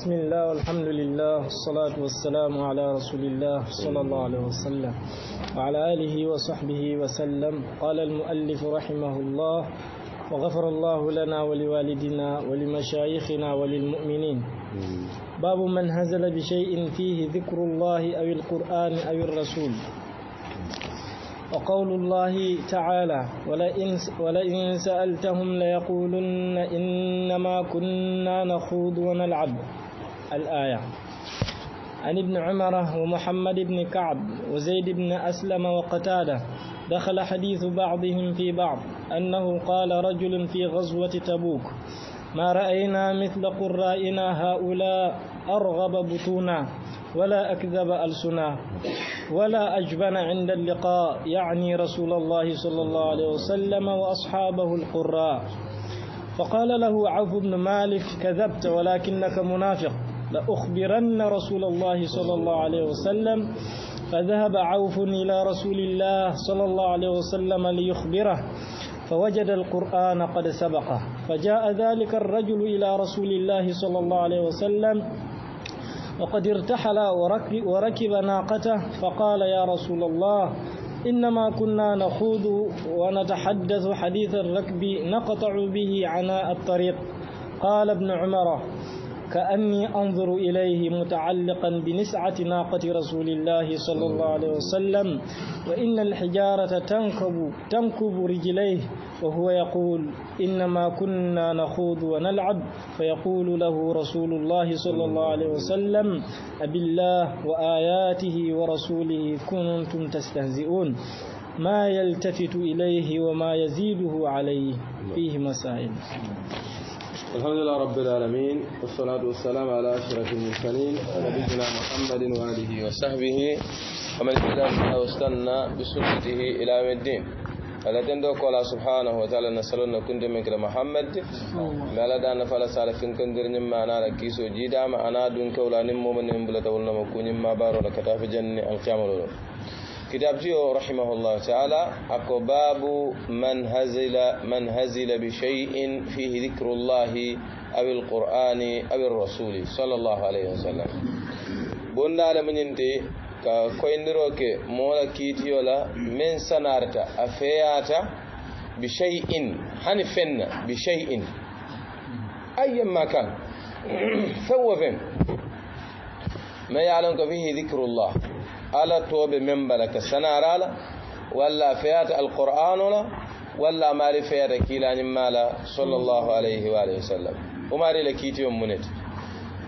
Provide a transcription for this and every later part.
بسم الله والحمد لله والصلاة والسلام على رسول الله صلى الله عليه وسلم وعلى آله وصحبه وسلم قال المؤلف رحمه الله وغفر الله لنا ولوالدنا ولمشايخنا وللمؤمنين باب من هزل بشيء فيه ذكر الله أو القرآن أو الرسول وقول الله تعالى ولئن, ولئن سألتهم ليقولن إنما كنا نخوض ونلعب الآية عن ابن عمر ومحمد بن كعب وزيد بن أسلم وقتادة دخل حديث بعضهم في بعض أنه قال رجل في غزوة تبوك ما رأينا مثل قرائنا هؤلاء أرغب بطونا ولا أكذب ألسنا ولا أجبن عند اللقاء يعني رسول الله صلى الله عليه وسلم وأصحابه القراء فقال له عوف بن مالك كذبت ولكنك منافق لأخبرن رسول الله صلى الله عليه وسلم فذهب عوف إلى رسول الله صلى الله عليه وسلم ليخبره فوجد القرآن قد سبقه فجاء ذلك الرجل إلى رسول الله صلى الله عليه وسلم وقد ارتحل وركب ناقته فقال يا رسول الله إنما كنا نخوض ونتحدث حديث الركب نقطع به عناء الطريق قال ابن عمر كأني أنظر إليه متعلقا بنسعة ناقة رسول الله صلى الله عليه وسلم وإن الحجارة تنكب تنكب رجليه وهو يقول إنما كنا نخوض ونلعب فيقول له رسول الله صلى الله عليه وسلم أب الله وآياته ورسوله كنتم تستهزئون ما يلتفت إليه وما يزيده عليه فيه مسائل الحمد لله رب العالمين والصلاة والسلام على أشرف المرسلين نبينا محمد وآله وصحبه ومن اهتدى واستنى بسنته إلى يوم الدين فلا تندوك الله سبحانه وتعالى نسأل أن كنت من كلا محمد ما لدى أن فلا سالف إن كنت رنم ما أنا ركيسو جيدا ما أنا دون كولا نمو من نمبلة ولا مكون ما بارو لكتاف جنة القيام الأولى كتاب جيو رحمه الله تعالى أكو باب من هزل من هزل بشيء فيه ذكر الله أو القرآن أو الرسول صلى الله عليه وسلم بنا لمن ينتي كويندروك مولا ولا من سنارتا أفياتا بشيء حنفن بشيء أيا ما كان ثوفن ما يعلمك فيه ذكر الله ala toɓe men bala ka sanara la walla feyata alqur'anu la walla maari feyata kiilañimma la sallllahu alayhi wa alihi wa sallam umari la kiitiyon munete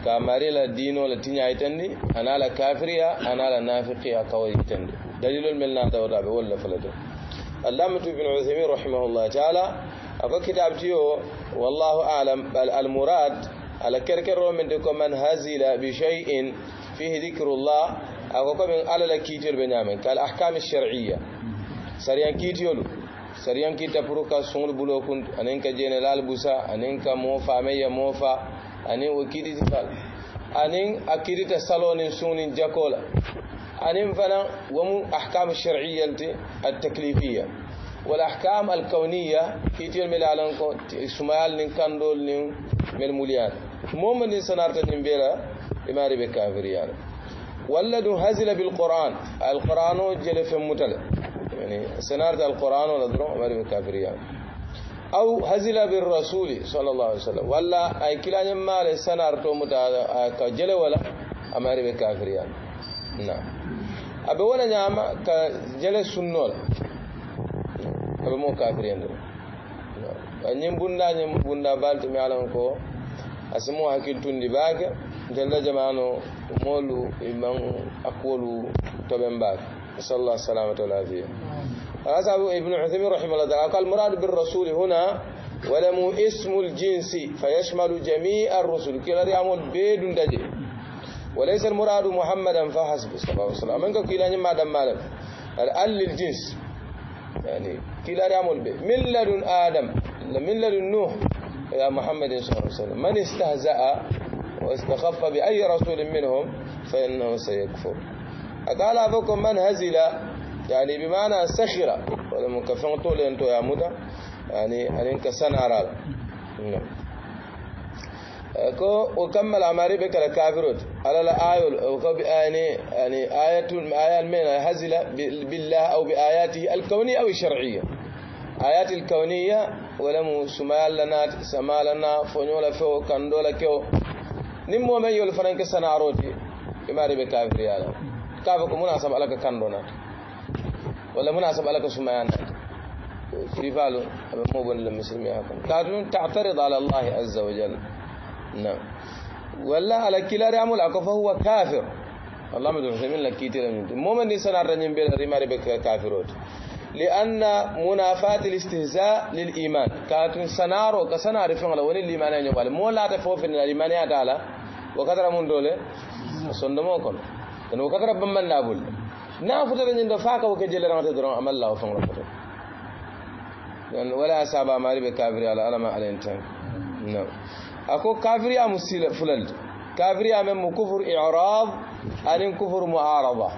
ka maari la diino la tiña yitandi ana la kafiriya ana la nafiqiya kawa yitandi dalilol mel na dawdaɓe walla falade allamatu ibne uthamin rahimahullah taala ako kitabtiyo wallahu alam bal almurad ala kerkerro men de ko man hasila bi cheyin fihi dicre llah ako komin ala la kiitiyolu ɓe ñaamen kal ahkame sharia sariyan kiitiyolu sariyan kiitta pour ka suŋol bulo kuntu aniŋ ka jeene laal busa aniŋ ka moo faameya moo fa aniŋ wo kiititi fal aniŋ a kiitita saloo niŋ suŋ niŋ jakoo la aniŋ fanaŋ womu ahkame sharia le ti altaklifiya والأحكام الكونية كتير من العالم سمال نين كندول نين من المليان مو من سنارتين بيرا إماري بكافر يعني ولد هزل بالقرآن القرآن جل في متل يعني سنارة القرآن ولا درو ما دو أو هزل بالرسول صلى الله عليه وسلم ولا أي كلا سنار تو متا كجل ولا أما دو نعم أبي ولا نعم كجل سنول أبي مو كافرين نعم ñiŋ bunda ñiŋ bunda بالتي te اسمو ye a باكه جل جمانو مولو إمام أقول تبين بعد صلى الله السلامة والعافية هذا ابن عثيمين رحمه الله قال المراد بالرسول هنا ولم اسم الجنس فيشمل جميع الرسل كلا يعمل بيد دجي وليس المراد محمدا فحسب صلى الله عليه وسلم من كلا ما دم مالك الأل الجنس يعني كلا يعمل به من لدن آدم من لدن نوح يا محمد صلى الله عليه وسلم من استهزأ واستخف بأي رسول منهم فإنه سيكفر أقال أبوكم من هزل يعني بمعنى سخرة ولم كفن طول أنتو يا مدى يعني أن إنك سنعر نعم. كو وكمل عماري بك الكافرون على الآية وكو يعني،, يعني آية آية المين هزل بالله أو بآياته الكونية أو الشرعية آيات الكونية ولم سمال لنا سمال لنا فنولا فو كندولا كو nin mo men yol fanan ke sanaroti imari be kafiri ala kafa ko munasab alaka kandona wala munasab alaka sumayana في فعله مو بن المسلم يهاكم كارون تعترض على الله عز وجل نعم ولا على كلا رامل أكو فهو كافر الله مدرسة من لكيتي لم مو من نسان رنيم ينبيل رماري بك كافروت لأن منافات الاستهزاء للإيمان كانت سنارو كسنار في الله وني الإيمان يعني ولا مولا تفوفن الإيمان يا تعالى وكثر من دولة صندمو كن تنو كثر بمن نابول نافو ترى تنجن دفاك وكجل رمت درون عمل الله فين رفته يعني ولا أصاب ماري بكافري على ألم على إنتان نعم أكو كافري أمسيل فلند كافري أمم كفر إعراض أن كفر معارضة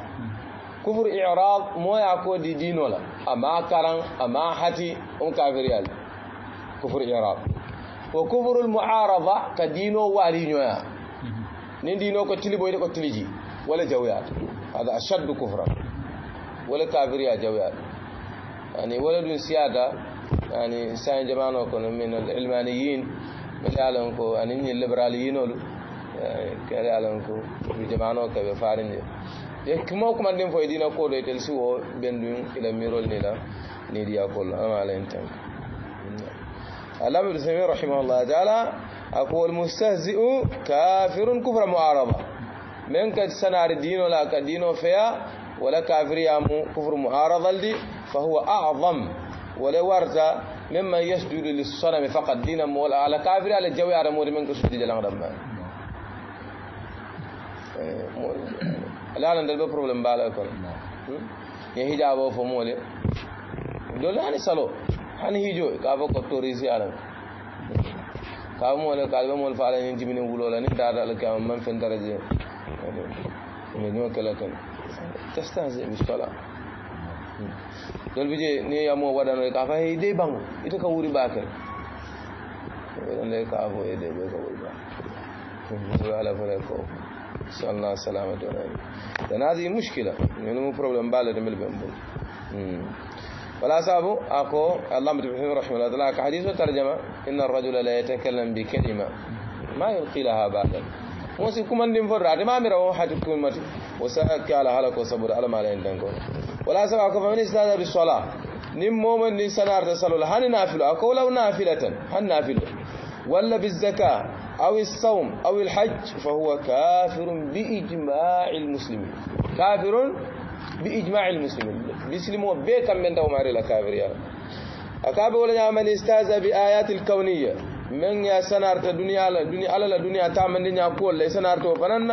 kufur i'rad moya ko di dino la amma karan amma hati on kafiri al kufur i'rad wa kufur al mu'arada ka dino wali nyoya ni dino ko tilibo ko tiliji wala jawyat hada ashadd kufran wala kafiri ya jawyat يعني ولد سيادة يعني إنسان جمانو كنا من العلمانيين مثالهم يعني الليبراليين ولو يعني كالعلمكم بجمانو كبفارين kuma kuma din fo idina ko do tel siwo bendum ila mirol ni la ni dia ko ama alayn tan Allah ibn Sami allah ta'ala aqul mustahzi'u kafirun kufra mu'araba men kad sanar dino la ka dino fiya wala kafir ya mu kufru mu'arada li fa huwa a'zam wala warza mimma yasjudu lis-sanam faqad dinam wala ala kafir ala jawi ala mu men ko sujudi jalan ala nan dal be problem bala ko ye hijabo fo mole dole ani salo hani hijo ka fa ko torisi ala ka mole ka be mole fa ala ni jimini wulola ni da dal ka man fen daraje ni no kala kan tastanzi bi sala dol bije ni yamo wadano ka fa he de bangu ita ka wuri bakal wala ka fo e de be ka wuri ba ko ala fara ko صلى الله سلامة والعافيه لان هذه مشكله يعني مو بروبلم بالد من البنبول ولا سابو اكو الله متبحين رحمه الله تلاك حديث وترجمه ان الرجل لا يتكلم بكلمه ما يلقي لها بعدا موسي كمان دين فرات ما ميرا وحاتكم ماتي وسأك على حالك وصبر على ما لين دنكو ولا سابو اكو فمن استاذ بالصلاه نم مومن نسنار تصلوا هل نافله اكو لو نافله هل نافله ولا بالزكاه أو الصوم أو الحج فهو كافر بإجماع المسلمين كافر بإجماع المسلمين بسلموا بيتا من دوم ماري لكافر يعني أكابي ولا يعمل استاذ بآيات الكونية من يا سنارت الدنيا على الدنيا على الدنيا تعمل الدنيا كل ليس سنارت وفنن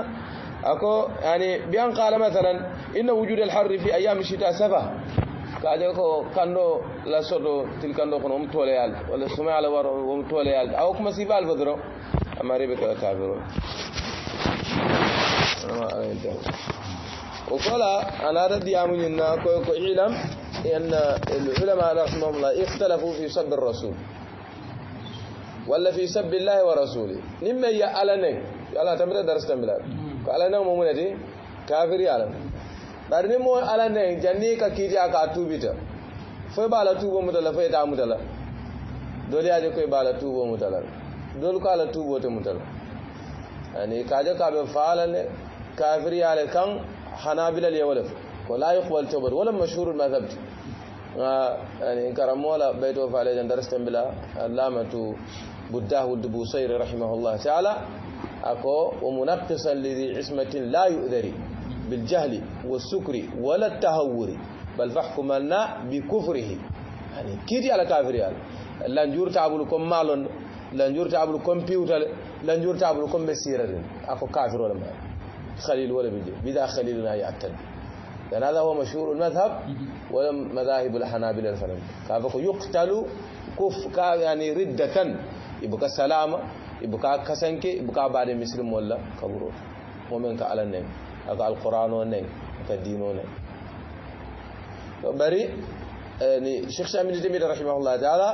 أكو يعني بيان قال مثلا إن وجود الحر في أيام الشتاء سبه kaje ko kando la sodo til kando kono um tole yalla wala suma ala waro um tole yalla aw kuma हमारे भी تعبيرون وقال أنا ردي أمني أن علم أن العلماء رحمهم الله اختلفوا في سب الرسول ولا في سب الله ورسوله لما يا يا الله تمر درس تملا قال أنا مؤمنتي كافر يعلم برني مو ألنك جنني ككيري أكاتو بيتا فبالا توبو متلا فيتا متلا دولي أجي كوي بالا توبو متلا dole ko ala tubo to mutal yani kaje ka be faalale kafiri yale kan hanabila le wala ko la yuqbal tawbat wala mashhur ma thabt يعني كرم ولا بيته فعلي درست بلا اللامة بداه الدبوسيري رحمه الله تعالى أكو ومنقصا لذي عصمة لا يؤذري بالجهل والسكر ولا التهور بل فحكم لنا بكفره يعني كيتي على كافر يعني لنجور تعبلكم مالون lanjurta تابلو كمبيوتر lanjurta تابلو kombe sirarin ako kafir wala mai خليل ولا بيجي بدا خليل لا يعتد لأن هذا هو مشهور المذهب ولم مذاهب الحنابلة الفلم كافكو يقتلوا كف كا يعني ردة يبقى سلامة يبقى كسنك يبقى بعد مسلم ولا كبرو ومن على النيم هذا القرآن والنيم هذا الدين والنيم بري يعني شيخ شامل جميل رحمه الله تعالى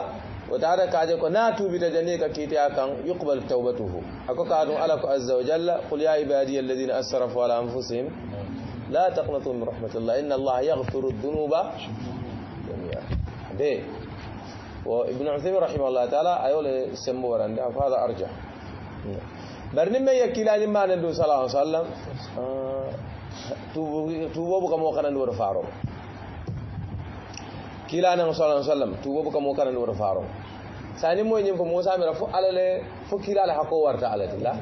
وتعالى كاجك ناتو بتجنيك كيتا كان يقبل توبته اكو كادو الله عز وجل قل يا عبادي الذين اسرفوا على انفسهم لا تقنطوا من رحمه الله ان الله يغفر الذنوب جميعا دي وابن عثيمين رحمه الله تعالى ايول سمو ورند هذا ارجح برنما يكيلان ما ندو صلى الله عليه وسلم توبوا آه، توبوا كما كان ندور فارو kila kiilanen sala sallam tuubobu mo kanani woto faaro sani moy ñim ko mosamira fo alale fu kila la hako warta ala ti la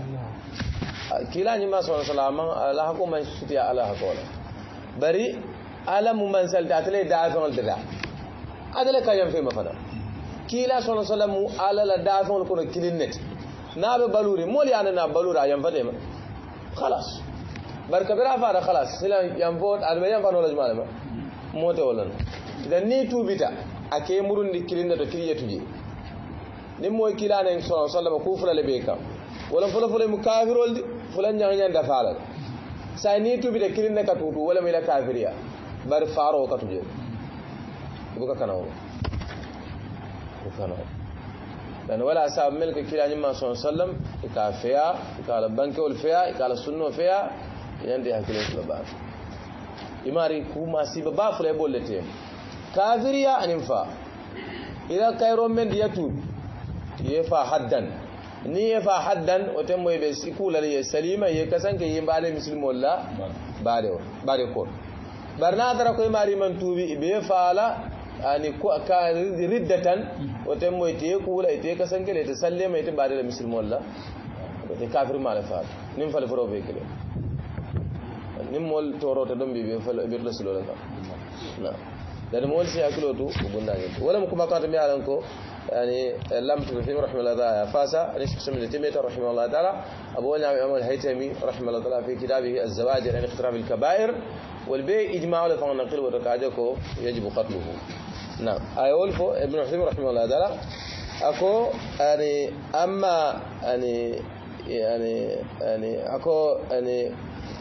kiilañima sala sallam la hako man sutiya ala hako bari ala mu man salta atale daafeŋol dada adala ka fe ma fada kila sallallahu sallam mu ala la daafeŋol kono kilin nete naaɓe baluri moolu yanana baluri a yanfatema halas bari kabira faata khalas sila vote yanfo aɗa ɓe yanfanola jumanema mote olan idan ni tubita ake murundi kilinda to kiriyatu je nin moy kilanen sallallahu alaihi wasallam ku fulale be kam wala fula fula mu kafirol di fula nyang nyang da fala sai ni tubita kilinda ka tutu wala mila kafiriya bar faro ka tuje buka kanawo kanawo لأن ولا أساب ملك كلا نما صلى الله عليه وسلم إكا فيا إكا البنك والفيا إكا السنة فيا يندي هكذا الباب imari kumasiba bafula te kafiriya anin fa idan kairon men di yatu ye fa haddan ni ye fa haddan bai moy kula da ye salima ye kasance ye bane muslimol la ba da bare ko barna dara koy mari man tubi be faala ani ko ka riddatan oten moy te kula te kasanke le te sallema ite bare muslimol la te kafir mala fa nim nin foro be kele ni mol toro to dum bibe fal bir rasulullah na dan mol si akilo to bunda ni wala mu kuma ko يعني لم تفهم رحمه الله تعالى فاسا ليش قسم تيميه رحمه الله تعالى ابو نعم امام الهيتمي رحمه الله تعالى في كتابه الزواجر عن اقتراب الكبائر والبي اجماع له فان نقل وتكاجكو يجب قتله نعم ايولف ابن حزم رحمه الله تعالى اكو يعني اما يعني يعني يعني اكو يعني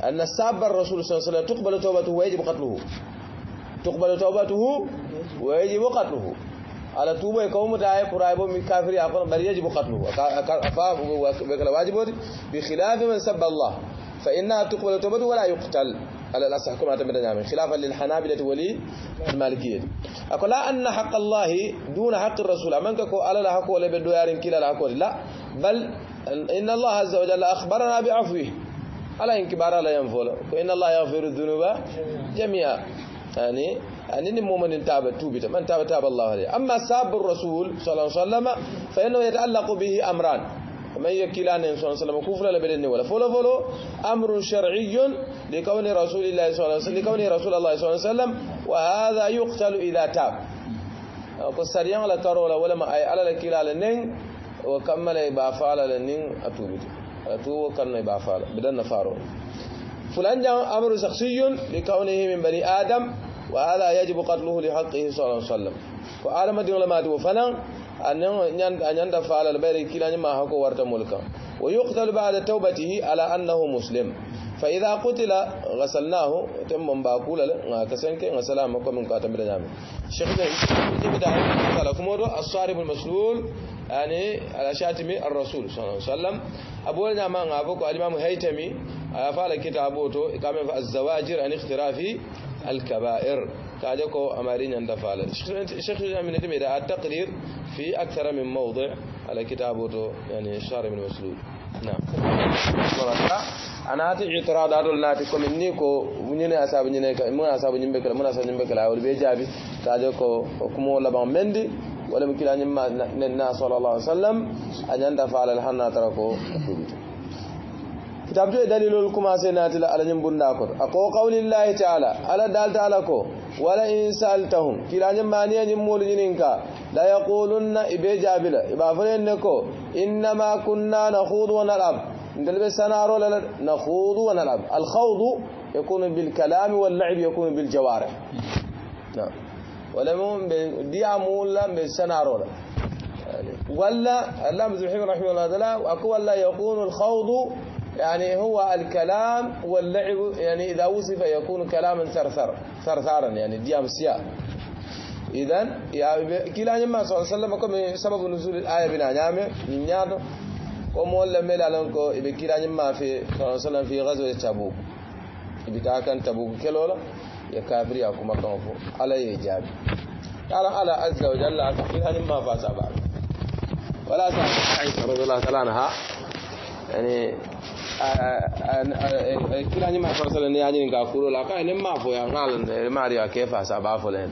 أن الساب الرسول صلى الله عليه وسلم تقبل توبته ويجب قتله تقبل توبته ويجب قتله على توبة يقوم تعالى قرائب من كافر يقول بل يجب قتله بخلاف من سب الله فإنها تقبل توبته ولا يقتل على الأصح كما تمت نعمل خلافا للحنابلة ولي المالكية أقول لا أن حق الله دون حق الرسول أمنك كو على لا حق ولا بدو يارين كلا لا لا بل إن الله عز وجل أخبرنا بعفوه على انكبار لا ينفول فإن الله يغفر الذنوب جميعا يعني, يعني ان مؤمن تاب توبة من تاب تاب الله عليه أما ساب الرسول صلى الله عليه وسلم فإنه يتعلق به أمران من يكيلان صلى الله عليه وسلم كفر بدني ولا فولو فولو أمر شرعي لكون رسول الله صلى الله عليه وسلم لكون رسول الله صلى الله عليه وسلم وهذا يقتل إذا تاب قصريان لا ترى ولا ما أي على لنين وكمل فعل لنين أتوبته تو كرني بافال بدنا فارو فلان جاء أمر شخصي لكونه من بني آدم وهذا يجب قتله لحقه صلى الله عليه وسلم وآدم دي لما تو فلان أن ان يندى فعل البير كلا ما هكو ورت ملكا ويقتل بعد توبته على أنه مسلم فإذا قتل غسلناه تم باقول كسنك غسلامكم من قاتم بلا نعم شيخنا يجب دعوة الصارم المسلول يعني على شاتم الرسول صلى الله عليه وسلم لنا ما نعبوك الإمام هيتمي فعل كتابه كما الزواجر عن اختراف الكبائر تعلقوا أمارين عند فعل الشيخ من الدم التقرير في أكثر من موضع على كتابه يعني شارع من مسلول نعم أنا هاتي اعتراضات الناتي كم كو منين أصاب نينك من أصاب نينبك من أصاب نينبك أول بيجابي كاجكو كمو لبان مندي ولم يكن أن يما ننا صلى الله عليه وسلم أن يندفع على الحنة تركه كتاب جو دليل لكم سينات على نبونا ناكر أقو قول الله تعالى على دال تعالى كو ولا إن سألتهم كلا نما نيا نمول جنينكا لا يقولن إبي جابلا إبا فرينكو إنما كنا نخوض ونلعب ندلب سنارو نخوض ونلعب الخوض يكون بالكلام واللعب يكون بالجوارح نعم يعني ولا مهم دي عمول لم ولا اللام زحيم رحمه الله تعالى وأكو ولا يكون الخوض يعني هو الكلام واللعب يعني إذا وصف يكون كلاما ثرثر ثرثارا يعني دي سيا إذن يعني كلا نما صلى الله عليه وسلم سبب نزول الآية بنا نعم من نعمة ومو ولا ملا لنكو إبكلا نما في صلى الله عليه وسلم في غزوة تبوك إبكا كان تبوك كلولا ya kafiri ya kuma kan fu ala ya jabi ala ala azza wa jalla asakin hanin ma fasa ba wala sa aisha radiyallahu ta'ala anha yani kila ni ma farsala ne yani ga kuro la kai ne ma fo ya ngalan ne mari ya kefa sa ba fo len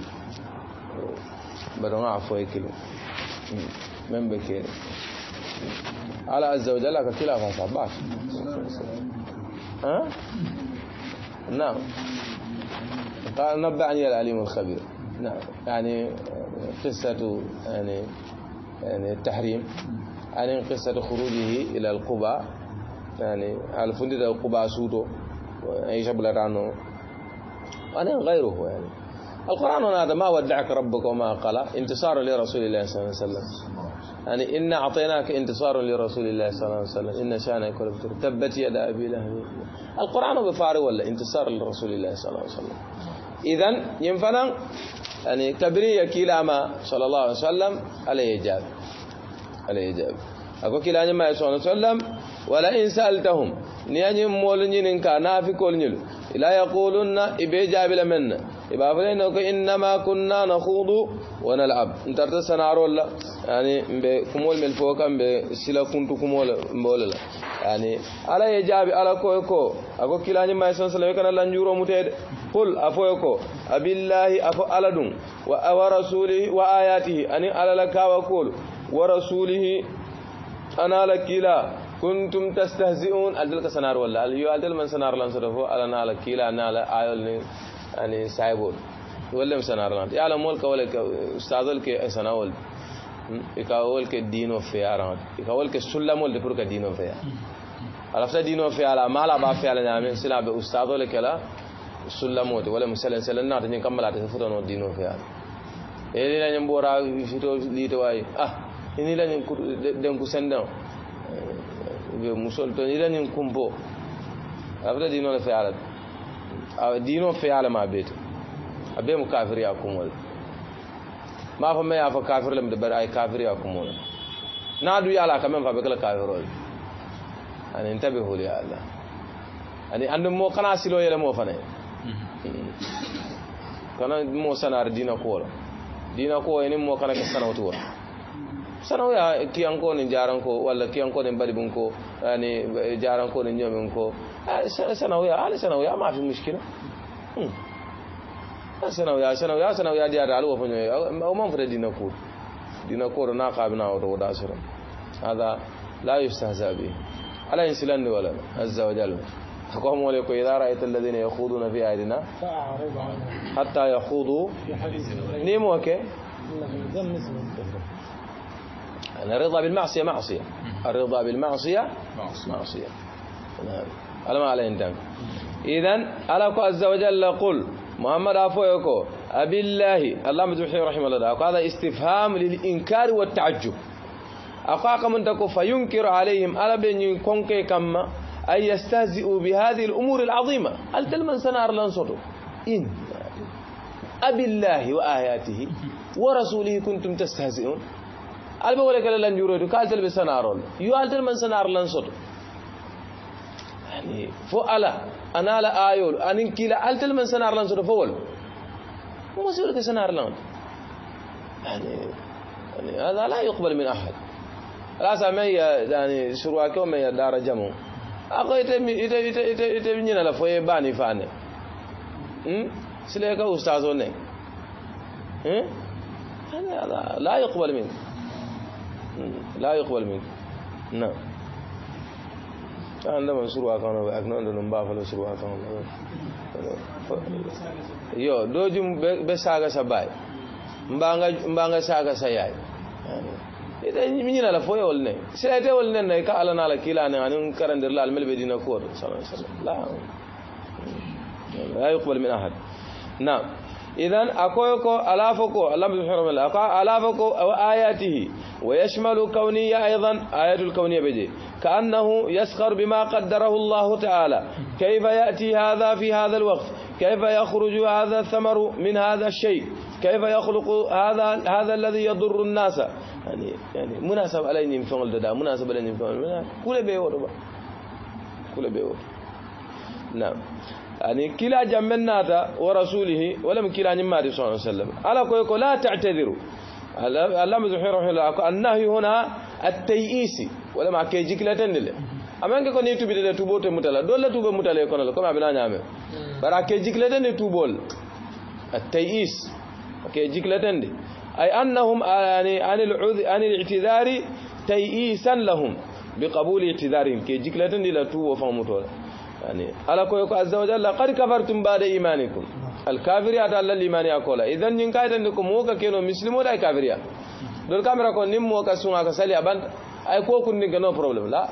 badon afo ikilo men be ke ala azza wa jalla ka kila fa sa ba ha na'am قال نبعني العليم الخبير نعم يعني قصة يعني يعني التحريم يعني قصة خروجه إلى القبى يعني على فندق القبى سودو أي شبلة عنه وأنا غيره يعني القرآن هنا هذا ما ودعك ربك وما قال انتصار لرسول الله صلى الله عليه وسلم يعني إن أعطيناك انتصار لرسول الله صلى الله عليه وسلم إن شانك ولا تبت يد أبي لهب القرآن بفاري ولا انتصار لرسول الله صلى الله عليه وسلم إذن ينفنا يعني تبرية كلاما صلى الله عليه وسلم عليه إجابة عليه إجابة أكو كلا ما صلى الله عليه وسلم ولا إن سألتهم نياني مولني نكا نافي كولنيل لا يقولون إبي جابل من إبا فلين إنما كنا نخوض ونلعب انت ترتسنا رولا يعني بكمول من فوقا بسلا كنت كمول مبوللا yani ala ye jaabi ala koye ko ako kilañimma son salam kana lanjuro mutede qul afoye ko abillahi afo ala ɗum wa, wa rasulihi wa ayatihi anin alala kawa kol wa rasulihi anala kila kuntum tastahzi'un aldal ka sanar walla yo aldal man sanar lan soto fo ala nala kila nala ayol ni ani saybol wallem sanar lan ya ala mol ka wala ka ustadol ke sanawol يكاول كدينو في أران يكاول كسلم ولد بروك دينو في عرفت دينو في على ما لا با في على نعم سلا بأستاذ ولا كلا سلم ولد ولا مسلم سلم نعم تجين كمل على تفوت نو دينو في إيه آه، إيه على إيه لا نبورا في تو لي تواي آه إني لا نكو دنكو سندو مسلطون إني لا نكمبو عرفت دينو في على دينو في على ما بيت أبي مكافر يا كمول ma fo me ya fo kafir lam de bar ay kafir ya kumun na du yala kam fa be kala kafirol an intabihu li ala ani andu mo kana silo yele mo fane kana mo sanar dina ko la dina ko ene mo kana ke sanawto wala sanoya kiyanko ni jaranko walla kiyanko ni bari bun ko ani jaranko ni nyomin ko sanoya ala sanoya ma fi mushkila sanaw ya sanaw ya sanaw ya diya dalu wofanyo o man fere dina fu dina ko do na ka bina o do da sura hada la yustahza bi ala insilan ni wala azza wa jalla فقام عليك إذا رأيت الذين يخوضون في آياتنا حتى يخوضوا نيم وكي الرضا بالمعصية معصية الرضا بالمعصية معصية أنا ما عليه إذن ألا ألك عز وجل قل محمد عفوكو أبي الله الله مزوحي رحمه الله هذا استفهام للإنكار والتعجب أقاق من تكو فينكر عليهم ألا بين كونكي كما أن يستهزئوا بهذه الأمور العظيمة هل تلمن أرلان لنصره إن أبي الله وآياته ورسوله كنتم تستهزئون ألبا ولك لن يريدوا قال يو هل تلمن أرلان لنصره يعني فو أنا لا آيول أن لا ألتل من سنار لان سنة فول مو سورة سنار لان يعني يعني هذا لا يقبل من أحد لا سامي يعني شرواك ومي دار جمو ايت ايت ايت يتمي لا فوي باني فاني سليك أستاذ ني يعني هذا لا يقبل منك لا يقبل منك نعم anda man suru akano ak non do mba fa suru akano yo dojum be sa bay mbanga mbanga sa idan min yana la foya ne sai ta ne ka alana ala kila ne anin karandir la almel dina ko sallallahu alaihi wasallam min ahad إذن يكو ألافكو الله سبحانه وتعالى ألافكو أو آياته ويشمل كونية أيضا آيات الكونية بجي كأنه يسخر بما قدره الله تعالى كيف يأتي هذا في هذا الوقت كيف يخرج هذا الثمر من هذا الشيء كيف يخلق هذا هذا الذي يضر الناس يعني يعني مناسب علينا من فعل ده مناسب علينا من فعل كل بيور كل بيور نعم يعني كلا جمنا ورسوله ولم كلا نما صلى الله عليه وسلم على كويكو لا تعتذروا اللهم زحير رحمه الله النهي هنا التيئيسي ولم أكيجي كلا تندل أما أنك كوني تبي تلا تبو تمتلا دولا تبو متلا يكون لك كم أبلا نعمة برا أكيجي كلا تندل تبول التيئيس أكيجي كلا تندل أي أنهم يعني عن العذ عن الاعتذار تيئيسا لهم بقبول اعتذارهم كيجي كلا تندل تبو فهم يعني على كويك عز وجل لقد كفرتم بعد ايمانكم الكافر إيمانكم الكافريات على الإيمان أقولا إذن ينكايت أنكم موكا كينو مسلمون أي يا دول كاميرا كون نم موكا سونا كسالي اي كو كون نيكا نو بروبلم لا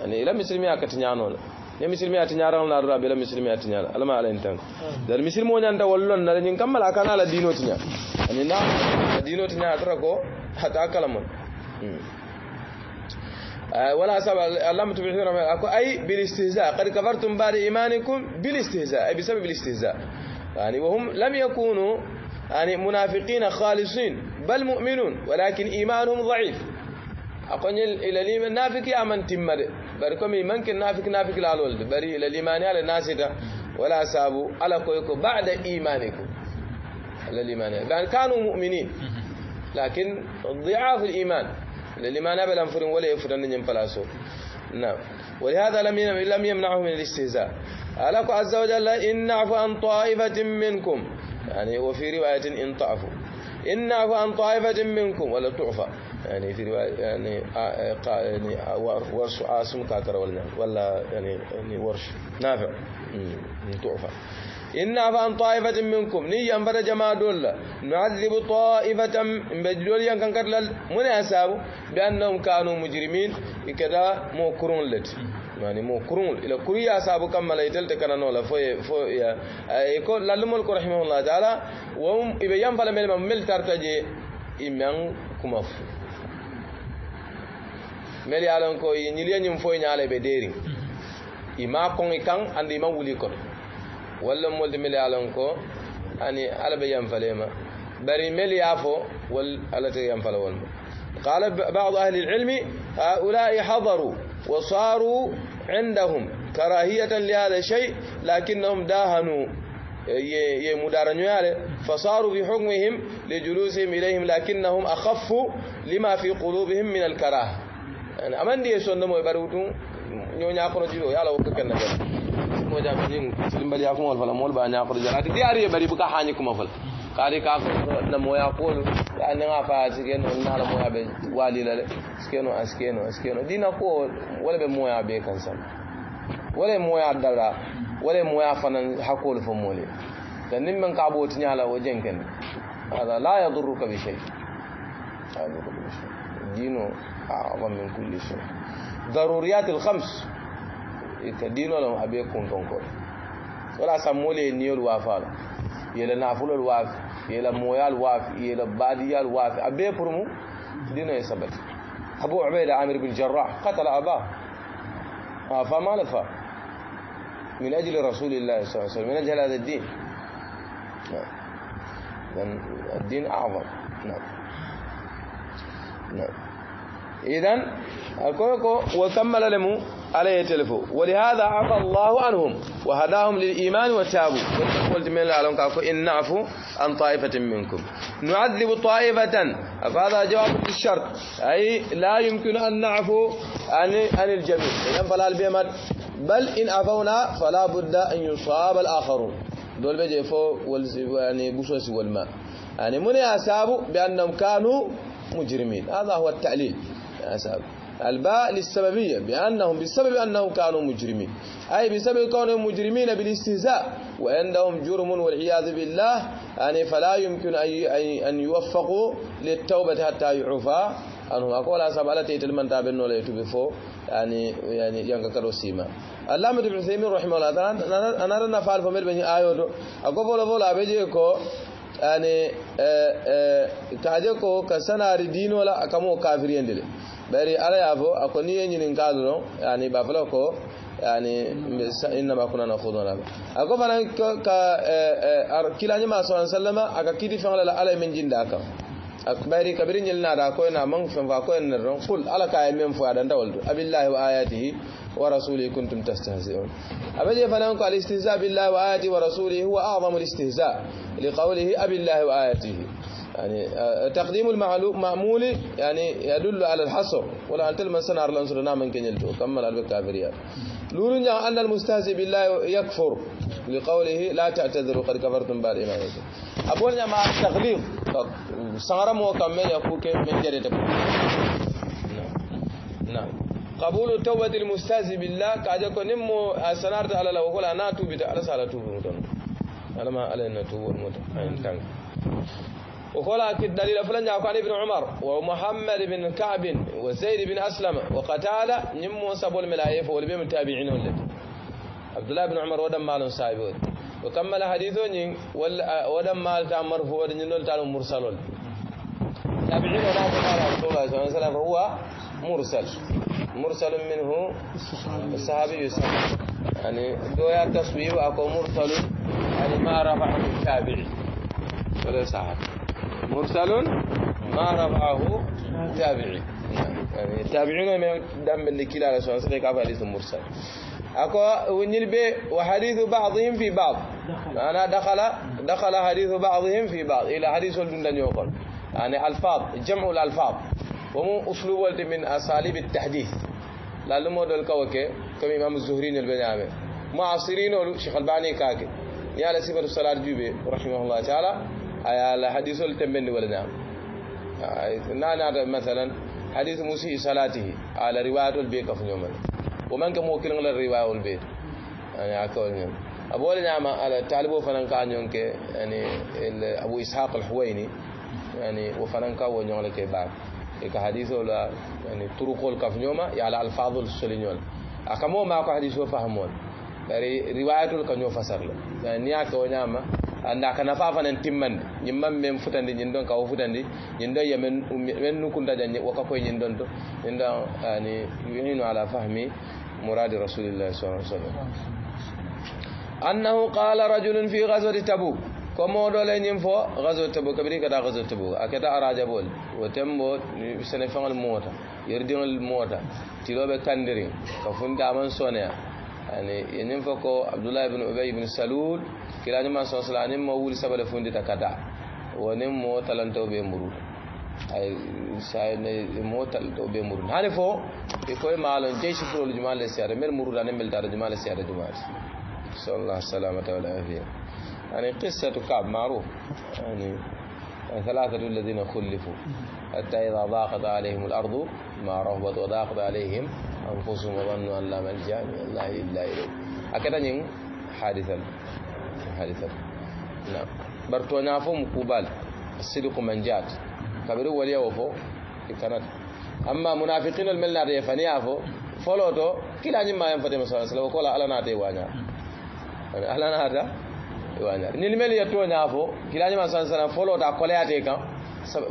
يعني إلا مسلمي أكتنيانو لا ya misilmi ati ñaaraŋo la dura bela misilmi ati ñaala alama ala en taŋ dari misilimo ñanta wollon nala ñiŋ kamma la kana la diino ti ña ani na a diino ti ña a tara ko hata آه، ولا سبب اللهم تفلحون أي بالاستهزاء قد كفرتم بعد إيمانكم بالاستهزاء أي بسبب الاستهزاء يعني وهم لم يكونوا يعني منافقين خالصين بل مؤمنون ولكن إيمانهم ضعيف أقول إلى لي من نافك يا من تمر بركم من كن نافك نافك لا الولد بري إلى الإيمان على الناس ولا سابوا على كويكو بعد إيمانكم على الإيمان يعني كانوا مؤمنين لكن ضعاف الإيمان لما نبل انفر ولا يفر نجم فلاسو نعم ولهذا لم لم يمنعه من الاستهزاء الاكو عز وجل إن نعفو عن طائفة منكم يعني وفي رواية إن تعفو إن نعفو عن طائفة منكم ولا تعفى يعني في رواية يعني يعني ورش عاصم كاكر ولا ولا يعني يعني ورش نافع تعفى إن أفان طائفة منكم نيجي أنفر جماعة دول نعذب طائفة من بدلول ينكن كرلل من أسابه بأنهم كانوا مجرمين كذا موكرون لت يعني موكرون إلى كوريا أسابه كم ملايتل تكنا نولا فوي فوي يكو للمول رحمه الله تعالى وهم إبي ينفر من ممل ترتجي إمان كمف ملي على أنكو ينيلي ينفوي نعلي بديري إما كون إكان عندي ما ولي كتو walla molde mele alan ko ani ala ɓe yanfalema bari meli ya fo wal ala te yanfala قال بعض أهل العلم هؤلاء حضروا وصاروا عندهم كراهية لهذا الشيء لكنهم داهنوا فصاروا في حكمهم لجلوسهم إليهم لكنهم أخفوا لما في قلوبهم من الكراهة يعني أمن دي سنة مو يبروتون نيو نيا خرجوا يا لو كنا ko ja bin silmbal ya kuma fala mol ba nya ko ati diari bari buka hani kuma kare ka ko na moya ko ya nan afa sike no na la moya be wali la dina ko wala be moya be kan sam wala moya dara wala moya fanan hakol fo mole dan nin man ka bo tinya la wajen kan hada la yadurruka bi shay dino a'zam min kulli shay ضروريات الخمس itadino lo abe kunkonko wala samole ni yo wafa yele na fulo waf yele moyal waf yele badiyal waf abe purmu dino sabat ابو عبيده عامر بن جراح قتل اباه فما لفى من اجل رسول الله صلى الله عليه وسلم من اجل هذا الدين الدين اعظم نعم نعم اذا الكوكو وكمل لمو عليه تلفو ولهذا عفى الله عنهم وهداهم للإيمان وتابوا قلت من العالم كاكو إن نعفو عن طائفة منكم نعذب طائفة فهذا جواب الشرط أي لا يمكن أن نعفو عن عن الجميع إذن فلا البيمد بل إن عفونا فلا بد أن يصاب الآخرون دول بيجي فوق يعني بوسوس والماء يعني من أسابوا بأنهم كانوا مجرمين هذا هو التعليل أسابوا الباء للسببية بأنهم بسبب أنهم كانوا مجرمين أي بسبب كونهم مجرمين بالاستهزاء وعندهم جرم والعياذ بالله يعني فلا يمكن أن يوفقوا للتوبة حتى يعفى أنهم أقول على سبالة يتلمن تابنوا ليتوب فوق يعني يعني ينكر كروسيما اللهم ابن عثيمين رحمه الله تعالى أنا رنا فعل فمير بني آيوتو أقول فولا فولا بيجيكو يعني kaje ko ردين ولا dino كافرين دلي bari ala y'a fo, a ko n'i ye ɲininka dɔrɔn yani ba fɔlɔ ko yani innama kunna nakhudu la a ko fana ka kila ɲɛma sɔrɔ sallama a ka kidi fɛn la ala ye min jin da kan bari kabiri ɲin na da ko in na a man fɛn a ko in na dɔrɔn kul ala ka ye min fɔ a dan dawal do abillahi wa ayatihi wa rasulihi kuntum tastahzi'un abaje fana ko al istihza billahi wa ayatihi wa rasulihi huwa a'zamu al istihza li qawlihi wa ayatihi يعني آه، تقديم المعمول يعني يدل على الحصر ولا انت تلمن سنار الأنصر نعم من كنيلتو كمل على الكافريات لولن أن المستهزئ بالله يكفر لقوله لا تعتذروا قد كفرتم بعد إيمانكم أقول مع التغليظ سنرى مكمل يقول من جريت نعم نعم قبول توبة المستهزئ بالله كاجاكو نمو سنارت على لو ولا انا توبت على سالة توبة متن على ما علينا توبة متن وقال الدليل فلان وكان ابن عمر ومحمد بن كعب وزيد بن أسلم وقتال نمو سبو الملايف والبيم التابعين ولد عبد الله بن عمر ودم مال سايبود وكمل حديثه نين آه، ودم مال تام مرفوع نين تام مرسل تابعين ولا قال رسول الله صلى الله عليه وسلم هو مرسل مرسل منه الصحابي يعني دويا تصويب أكو مرسل يعني ما رفعه التابعي ولا صحابي مرسل ما رفعه تابعي يعني تابعين من دم اللي كلا رسول الله كاف حديث مرسل اكو ونيل وحديث بعضهم في بعض انا دخل دخل حديث بعضهم في بعض الى حديث الجندن يقول يعني الفاظ جمع الالفاظ ومو اسلوب من اساليب التحديث لا لمو دول كوكي كم امام الزهري البنامي معاصرين الشيخ الباني كاكي يا لسيبه الصلاه جوبي رحمه الله تعالى aya la hadisol tembendi wala ñaam nanata masalan hadis musi salatihi ala riwayatol be kaf ñomal wo manke mo kilanla riwayol be ya kawol ñam abo wala ñama ala talibo fanan ka ñonke yani abu ishaq al huwaini yani wo fanan ka wo ñongla ke baak e ka hadisol yani turukol kaf ñoma ya ala alfadul soliñol akamo ma ko hadis o fahamol bari riwayatul kaño fasarla yani ya kawol ñama anda kana fafa nan timman ñin man men futande don ka wo futande nyin do yemen men nukundaja woka koye nyin don to nyin do ani yuhinu ala fahmi muradi sallallahu alaihi wasallam annahu qala rajulun fi ghazwati tabu ko modo le nyim fo gaswati tabuk kabiri kata ghazwati tabu a araja bol wo tembo sene fangal mota yerdinal mota tirobe kandiri ka fundaman sonya يعني ينفقوا عبد الله بن أبي بن سلول كلا نما صلى الله عليه وسلم أول سبب لفندي تكدا ونمو تلنتو بمرود أي سايد مو تلنتو بمرود هني فو يكوي مالون جيش فرول جمال السيارة مر مرود أنا مل دار جمال السيارة جمال صلى الله السلامة والعافية يعني قصة كعب معروف يعني ثلاثة الذين خلفوا حتى إذا ضاقت عليهم الأرض ما رهبت وضاقت عليهم أنفسهم وظنوا أن لا ملجأ من الله إلا إليه أكذا نين حادثا حادثا نعم برتو نافهم كوبال الصدق من جات كبير ولي وفو كانت أما منافقين الملنا ريفاني أفو فلوتو كلا نيما ينفتي صلى الله عليه وسلم وقال ألا ناتي وانا ألا ناتا وانا نلمل يتو نافو كلا نيما صلى الله عليه وسلم فلوتا قلياتي كان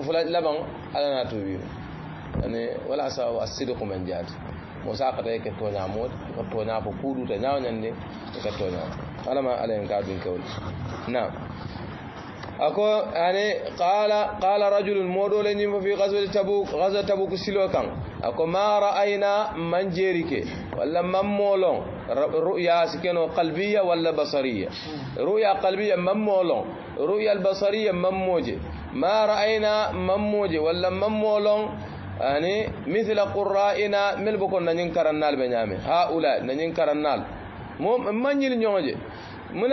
فلان لبن ألا ناتو بيو يعني ولا أسا الصدق من جات musaqata yake tonya mod ko tonya fo kudu ta nyawnande ka tonya alama alayen ka dun kawul na'am ako ane qala qala rajulun modo le nyimbo fi ghazwat tabuk ghazwat tabuk silo kan ako ma ra'ayna man jerike walla man molon ru'ya sikeno qalbiyya walla basariyya ru'ya qalbiyya man molon ru'ya albasariyya man moje ma ra'ayna man moje walla man molon ani mithla qurra'ina mil boko nanyin karannaal be ñaame haula nanyin karannal mo mañil ne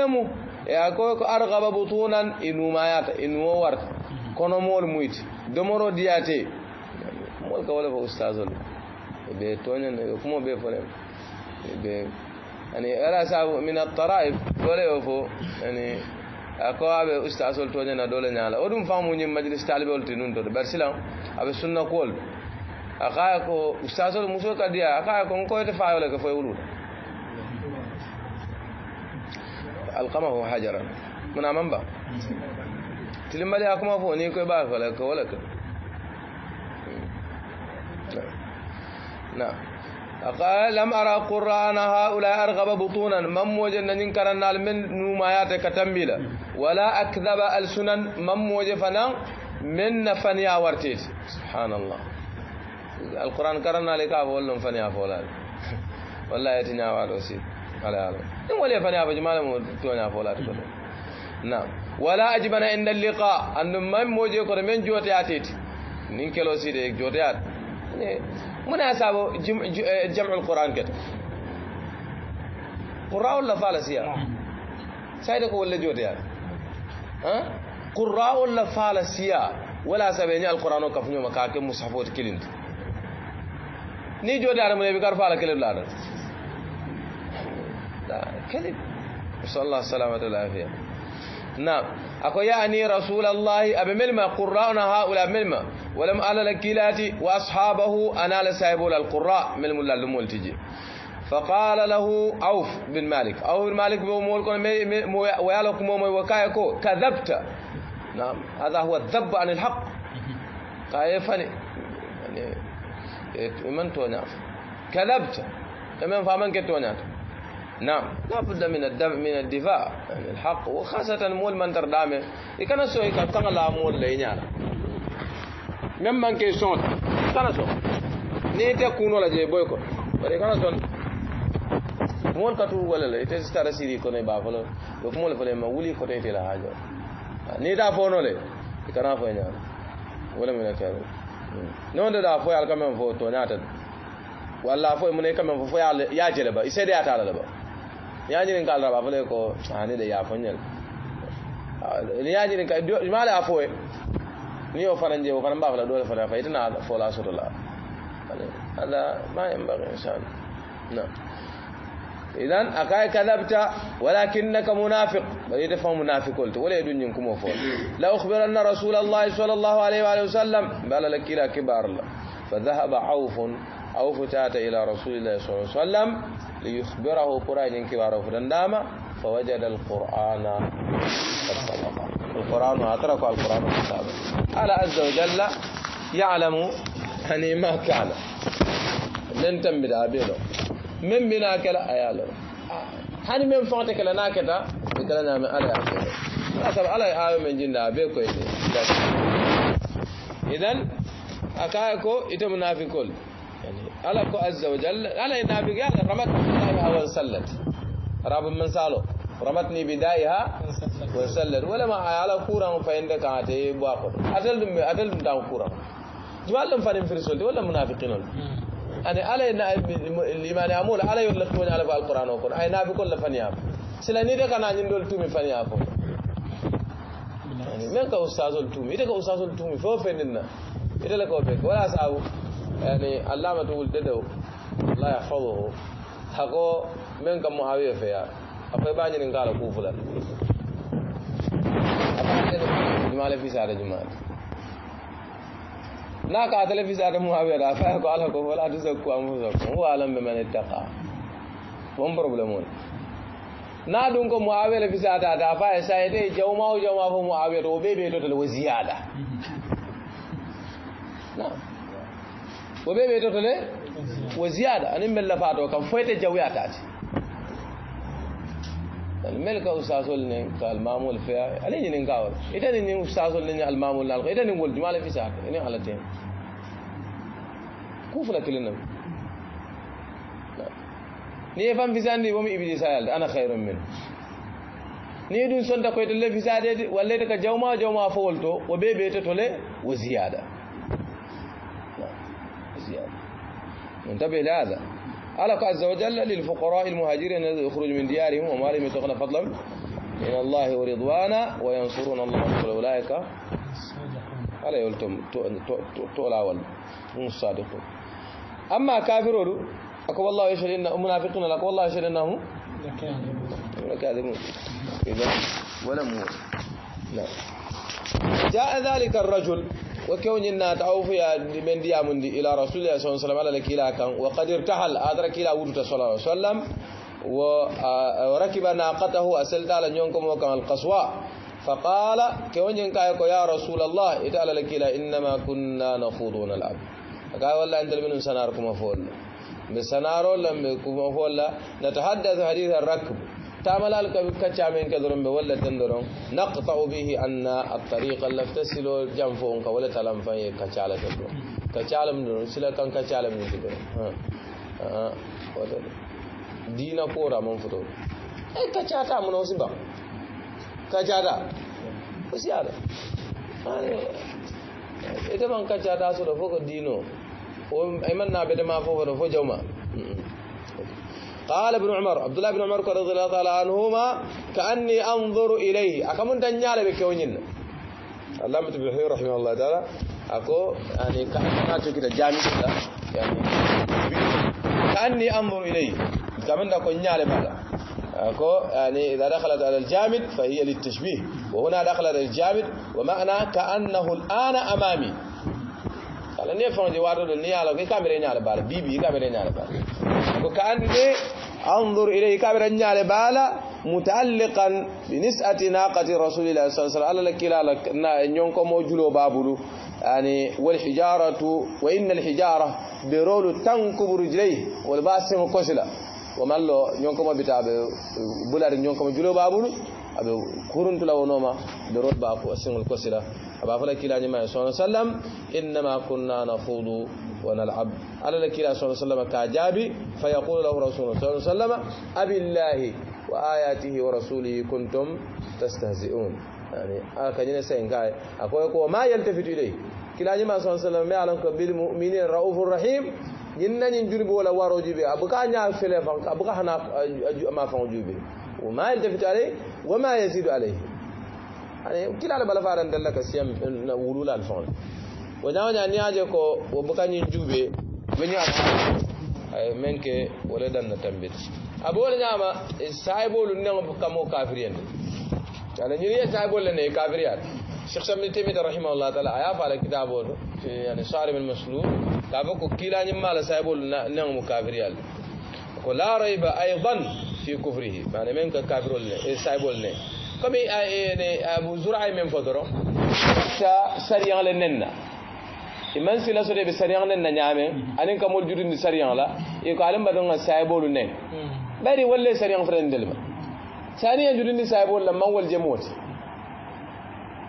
mu e ko ko argaba butunan inumayata inuwo warta kono mool muyti domoro diyate mool ka wala fo ustadol ɓe toñan ɓe kumo ɓe fonem ɓe ani ala sabu min altaraif dole o fo ani ko aɓe ustasol toñana dole ñala o ɗum famuñin majlis taliɓeol ti nun to de bari silan aɓe sunna kuwol a kaya ko ustasol muso ka diya a kaya ko nkoyete fayole ke foye wuluta alkamahu hajaran muna mamba tilimbali a kuma fo ni koye ɓa fole ko wole ke na قال لم أرى قرآن هؤلاء أرغب بطونا من وجن ننكرنا من نومايات كتنبيل ولا أكذب ألسنا من وجفنا من نفنيا ورتيت سبحان الله القرآن كرنا لك أقول فنيا فولاد والله يتنيا وارسيد على هذا إن ولي فنيا فجمال متونيا فولاد نعم ولا أجبنا عند اللقاء أن من موجه من جوتياتيت أتيت سيدي مناسبة جمع, آه، جمع القرآن كت قراء ولا فالسيا نعم. سايدك ولا جوت يا يعني. ها قراء ولا فالسيا ولا سبيني القرآن وكفني مكاك مصحفوت كلنت ني جوت يا يعني من بكار فال كلب لا لا كذب صلى الله السلامة والعافية نعم أكو يعني رسول الله أبي ملما قرانا هؤلاء ملما ولم على لكيلاتي وأصحابه أنا لسايبو للقراء ملما للمول تجي فقال له عوف بن مالك عوف بن مالك بمولك ويالك مو وكايكو كذبت نعم هذا هو الذب عن الحق كايفني يعني من تونيا نعم. كذبت تمام فمن كتونيا نعم. نعم لا بد من الدفع من الدفاع عن يعني الحق وخاصة مول من تردامه يكنا سو يكنا تغلا مول لينيانا ميم من كي سون كنا سو نيتا كونو لا جي بويكو بري كنا سو مول كاتو ولا لا يتي ستار سيري كوني بافلو فلو دوك مول فلي ما ولي فوتي تي لا حاجه نيتا فونو لي كنا فو نيانا ولا من كارو نون دا فو يال كمان فو تو ناتا والله فو من كمان فو يال يا جلبا يسيد يا تعالى لبا ñañirin ka alraba fole ko ani de yafo ñel ñañirin ka mala afo e ni yo fanan je o fanan ba fala dole fala fa itna fo la soto la هذا ما ينبغي إنسان نعم إذن أكاي كذبت ولكنك منافق يدفع منافق قلت ولا يدون ينكم وفول لا أخبر أن رسول الله صلى الله عليه وآله وسلم بل لك إلى كبار الله فذهب عوف أو فتات إلى رسول الله صلى الله عليه وسلم ليخبره قرآن ينكباره فدنداما فوجد القرآن قد القرآن أترك القرآن كتابا سبق على عز وجل يعلم أن ما كان ننتم بدابينه من بنا كلا أياله hani من فاتك لنا كذا keta من kala na men ala ya ko asab ala ya ayo كل ألاكو عز وجل إن أبي قال رمتني بدائها وانسلت رب من سالو رمتني بدائها وانسلت ولا ما على كورا فإنك عاتي بواقر أتل دم أتل دم دام كورا جوال لهم في رسولتي ولا منافقين أنا يعني ألا على الإيمان أمول ألا يلقون على القرآن وقرآن أي نبي نعم كل فنياب سلني ده كان عندي دول تومي فنياب يعني من كأستاذ التومي إذا كأستاذ التومي فيننا إذا لك ولا سأو يعني علامة ولدده الله يحفظه حقو من كم معاوية فيها أقول باني نقال كوفلا جمالة في سارة جمالة نا قاتل في سارة معاوية لا فأكو على كوفلا تزكوا أنفسكم هو أعلم بمن اتقى وهم بروبلمون na ɗum ko في le fisatata fa e sayede jawma o jawma fo moawiya to o ɓeɓe ɗotal wo ziyada nam wo ɓe ɓeytoto وزيادة أنا ziyada anin mel lafato kam foyte الملك وساسول نين المامول فيا علي نين قاول اذا نين وساسول نين المامول نالك اذا نقول جمال في ساعه إني على تين كوفنا كلنا ني فام في زاندي ومي ابليس قال انا خير من ني دون سنت كويت في ساعه ولا تك جوما جوما فولتو وبيبيتو تولي وزياده انتبه لهذا ألق عز وجل للفقراء المهاجرين الذين يخرجوا من ديارهم ومالهم يتقون فضلا من الله ورضوانا وينصرون الله أولئك ألا يلتم تؤلاول هم الصادقون أما كافرون أقول الله يشهد إن منافقون لك والله يشهد إنهم لكاذبون إذا ولم نعم جاء ذلك الرجل وكون نات أو في من ديام دي إلى رسول الله صلى الله عليه وسلم على الكيلا كان وقد ارتحل أدرك إلى وجود صلى الله عليه وسلم آه، وركب ناقته أسلت على نيونكم وكان القصوى فقال كون ينكايكو يا رسول الله لك الى إنما كنا نخوضون الأب قال والله أنت من سناركم فول بسنارو لم يكن فول نتحدث حديث الركب تعملال كتشامين كدرم ولا تندرم نقطع به أن الطريق اللي افتسلوا جنفون ولا تلم فيه كتشالة تبرو كتشالة من درم سلا كان كتشالة من تبرو ها ها وتر دينا كورا من فتور إيه كتشاتا من وسبا كتشاتا وسيارة آه. إذا من كتشاتا سلفوك دينو وإما نابد ما فوق فوق جوما قال ابن عمر عبد الله بن عمر رضي الله تعالى عنهما كأني أنظر إليه أكمن دنيال بكونين علامة بن حجر رحمه الله تعالى أكو يعني كأني كده جامع كده يعني كأني أنظر إليه كمان ده كنيال بعد أكو يعني إذا دخلت على الجامد فهي للتشبيه وهنا دخلت الجامد ومعنى كأنه الآن أمامي قال ني فون دي وارد ني على إيه كاميرا ني على بار بيبي إيه كاميرا ني على بار وكأني أنظر إليه كابر نيال بالا متعلقا بنسعة ناقة رسول الله صلى الله عليه وسلم على لكلا نا نيونكو وجلو بابلو يعني والحجارة وإن الحجارة برول تنكب رجليه والباسم كسلا وما له نيونكو بتا بلار نيونكو جلو بابلو أبي كورنتلا نوما برول بابو سنغل كسلا أبا فلا كلا نما صلى الله عليه وسلم إنما كنا نخوض ونلعب على لكلا صلى الله عليه وسلم كعجابي فيقول له رسول الله صلى الله عليه وسلم أبي الله وآياته ورسوله كنتم تستهزئون يعني أكن جنس سينكاي أقول ما يلتفت إليه كلا نما صلى الله عليه وسلم يعلم بالمؤمنين الرؤوف الرحيم ينن ينجرب ولا وارو جيبي أبقى نعم فلفن أبقى هنا ما فن وما يلتفت عليه وما يزيد عليه kilala bala farantella ka siyam wululal fon wo jawaja ni aje ko wo bukañin juube ɓe ñaama ay men ke wole danna tambit aɓe wole ñaama sahibolu nego kamo kafiriyende ala ñiriye sahibol lene kafiriyat cheikh samni temida rahimahullah taala aya fala kitabo to yani sarib al maslul kafa ko kilañim mala sahibolu nego mo kafiriyal ko la rayba aidan fi kufrihi mana men ka kafirol ne sahibol ne comme abu zura ye min fɔ dɔrɔn sa sariyaŋ le nen na i man sila so de be sariyaŋ nen na ñaame aniŋ kamol jurindi sariyaŋ la i ko alim badoŋ ŋa sayibolu nen bari walle sariyaŋ fere ndel ma sani yan jurindi sayibolu la man wal jemuwo ti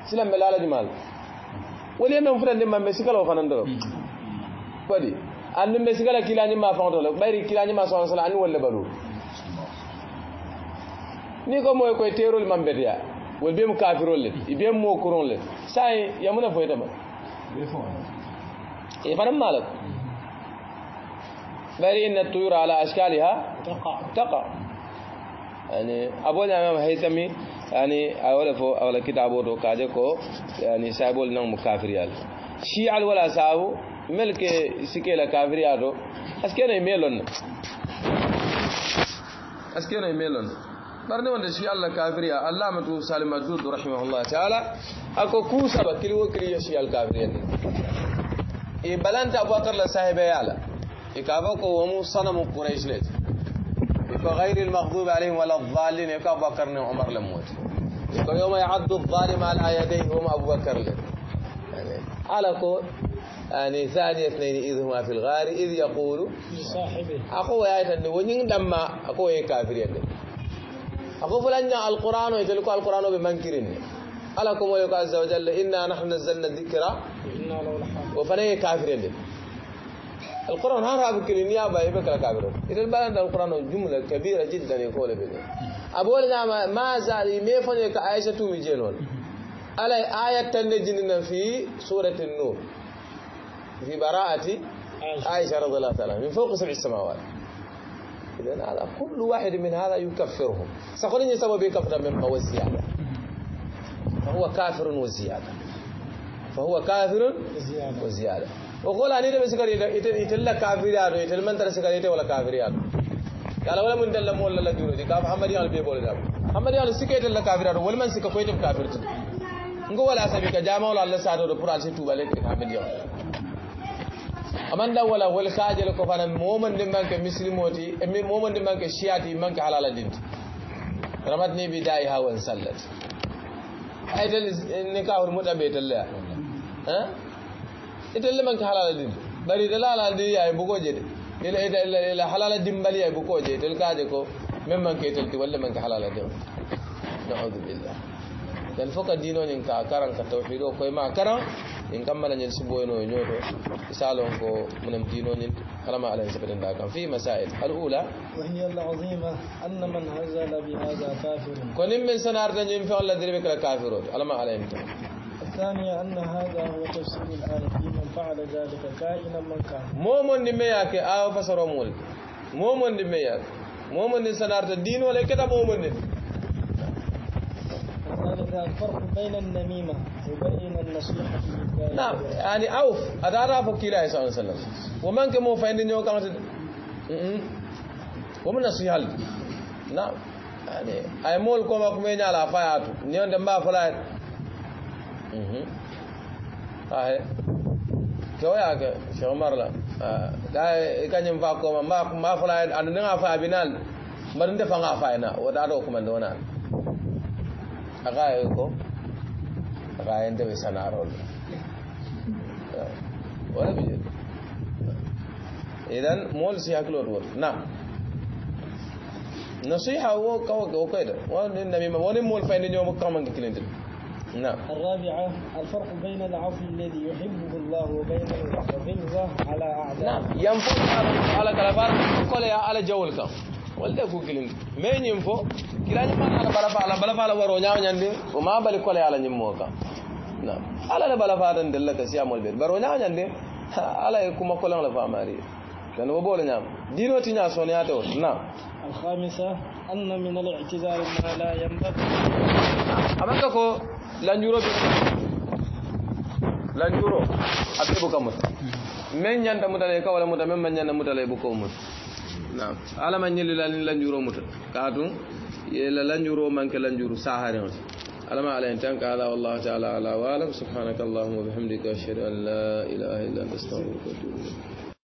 silan be laala jumaa la wali ye meŋ furendi maŋ be sikala wo fanaŋ dɔrɔn bari anduŋ be sikala kilañimaa faŋo to la bari kilañimaa sala ani walle baluu ni ko moy koy terol mambet ya wol bem kafirol le bem mo kuron le sai yamuna foy dama e fanam malak bari inna tuyura ala ashkaliha taqa taqa يعني, نعم، يعني، أبو الإمام هيثمي يعني أول فو أول كتابه دو كاجة كو يعني سايبول نعم مكافر يال شيع الولا ساو ملك سكيلا كافر يالو أسكينا يميلون أسكينا يميلون barne wanda shi Allah kafiri a Allamatu Salim Azud rahimahullah ta'ala ako ku saba kiriwo kiriyo shi al kafiri ne e balanta abakar la sahiba yala e kafa ko wa mu sanamu quraish ne e ko ghairil maghdubi alaihim wala dhalin e ka abakar ne umar lam mut ko yawma ya'addu adh-dhalim ala yadayhi hum abubakar le ala ko يعني ثاني اثنين إذ هما في الغار إذ يقول أخوه آية أنه ونين دم أخوه كافر يعني ako fulanña القرآن e teli ko alqur'ano ɓe mankirin ni إنا ko moyo ko azza wa القرآن هذا أبو كلين يا أبا يبقى إيه لك إذا البلد القرآن جملة كبيرة جدا يقول بني أبو لنا ما زال إيه ميفن يك عائشة على آية تنجننا في سورة النور في براءة عائشة رضي الله تعالى من فوق سبع السماوات كلين على كل واحد من هذا يكفرهم سقولين سبب بكفر من وزيادة فهو كافر وزيادة فهو كافر وزيادة وقول أنا إذا بس كذي يتلا كافر يارو يتلا من ترى سكذي ولا كافر يارو قال ولا من دلهم ولا لا جورو دي كاف محمد يال بيقول ده محمد يال سكذي يتلا كافر يارو ولا من سكذي كويتم كافر تدي نقول ولا سبيك جامع ولا الله سادو ده برا سيتو بالك محمد يال aman da wala wal kajel ko fana moman din manke muslimoti e mi moman din manke shiati manke halala dinti ramat ne bi dai hawan sallat ay dal nikahul mudabe dalla ha itelle manke halala dinti bari dalala di yaay bu ko jede ila ila ila halala dimbali yaay bu ko jede tel kaje ko mem manke telti walla manke halala de na'udhu billah dal foka dino nyin ka karan ka tawhido koy ma karan in kammala ñel suboyno e ñooto salon ko minem dinoñin alama alahen sabedenda kam fi masail al oula konin min sanardañin fe allah diriɓe kala kafirode alama alahen ta الثانية أن هذا هو تفسير الآية لمن فعل ذلك كائنا من كان مومن دمياك آو فسر مول مومن دمياك مومن سنارت الدين ولا كده مومن دمياك yani a tara fukira ya sa'adun sallar woman ka mafa yin yau kamata woman na su yi halittu na yani a yi mol kuma kuma yin alafa ya tu ni yadda ba fula kuma ma fula ya annan afa abinan marin dafa afa حقائقه راح ينتبه سنار ولا ولا بيجي إذا مول سيأكل ورور نعم نصيحة هو كو كو كده والنبي ما ولا مول فين اليوم كم عندك نعم الرابعة الفرق بين العفو الذي يحبه الله وبين الغلظة على أعداء نعم ينفق على كلام على جولك wolde fukilim mais ñin fo kilañimman ala bala faala bala faala waro ñawñande o ma bali kole ala ñimmo kam nam ala le bala faatan del la ka siyamol ɓeet baro ñawñande ala e kuma kolen la faamari kan wo boole ñaam diino tiña soniyate o nam alhamisa anna min al itidari ma la yambagi amanka ko lanjuro ɓe lanjuro aɓe buka muta min ñanta mutala e kawale muta min man ñanta mutala e buko muta نعم على ما نيل لا لنجورو مت كاتو يلا لنجورو مانك لنجورو ساهرون على ما على انتم قال والله تعالى على وعلم سبحانك اللهم وبحمدك اشهد ان لا اله الا انت استغفرك